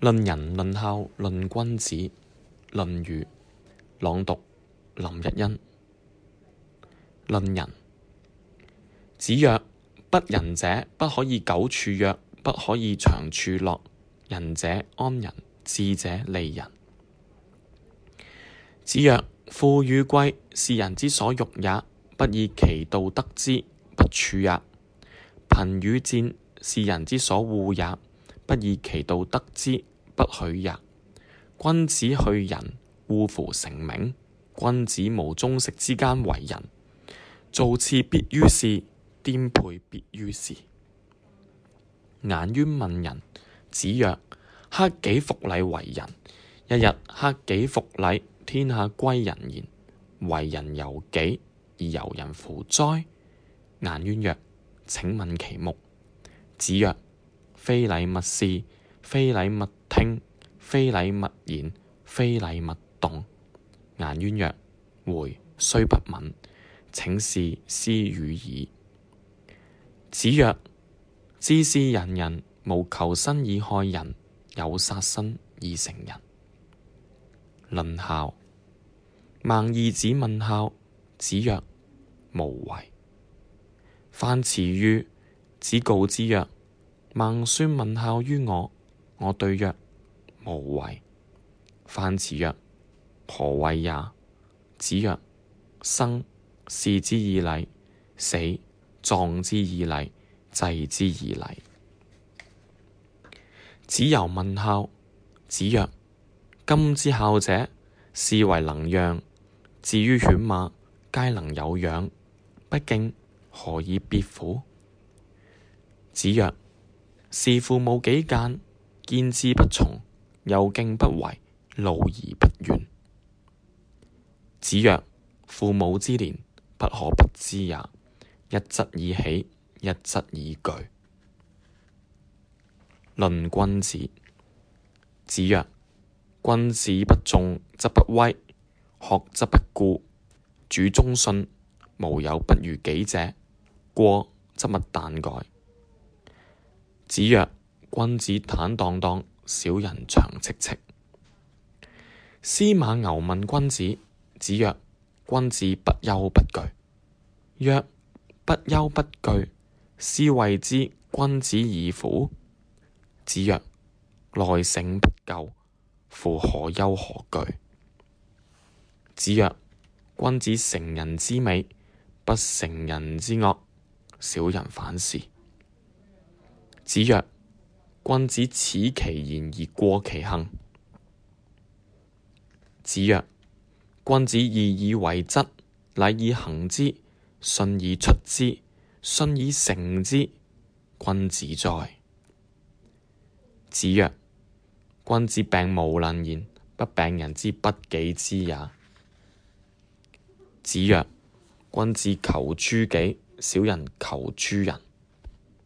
論人論孝論君子《論語》朗讀林日恩。論人，子曰：不仁者不可以久處約，不可以長處樂。仁者安仁，智者利人。子曰：富與貴，是人之所欲也，不以其道得之，不處也。貧與賤，是人之所惡也。不以其道得之，不處也。君子去仁，惡乎成名。君子無終食之間違仁，造次必於是，顛沛必於是。顏淵問仁，子曰：克己復禮為仁。一日克己復禮，天下歸仁焉。為仁由己，而由人乎哉？顏淵曰：請問其目。子曰：非禮勿視，非禮勿聽，非禮勿言，非禮勿動。顏淵曰：回雖不敏，請事斯語矣。子曰：志士仁人，人，無求生以害人，有殺身以成仁。論孝，孟懿子問孝，子曰：無為。樊遲御子告之曰。孟孫問孝於我，我對曰：無為。樊遲曰：何謂也？子曰：生事之以禮，死葬之以禮，祭之以禮。子游問孝，子曰：今之孝者，是為能讓。至於犬馬，皆能有養，不敬，何以別乎？子」子曰。事父母幾諫，見志不從，又敬不為，勞而不怨。子曰：父母之年，不可不知也。一則以喜，一則以懼。論君子。子曰：君子不重，則不威；學則不固。主忠信，無有不如己者。過則勿憚改。子曰：君子坦蕩蕩，小人長戚戚。司馬牛問君子。子曰：君子不憂不懼。曰：不憂不懼，斯謂之君子已乎？子曰：內省不疚，夫何憂何懼？子曰：君子成人之美，不成人之惡。小人反是。子曰：君子此其言而過其行。子曰：君子義以為質，禮以行之，信以出之，信以成之。君子哉。子曰：君子病無能言，不病人之不己知也。子曰：君子求諸己，小人求諸人。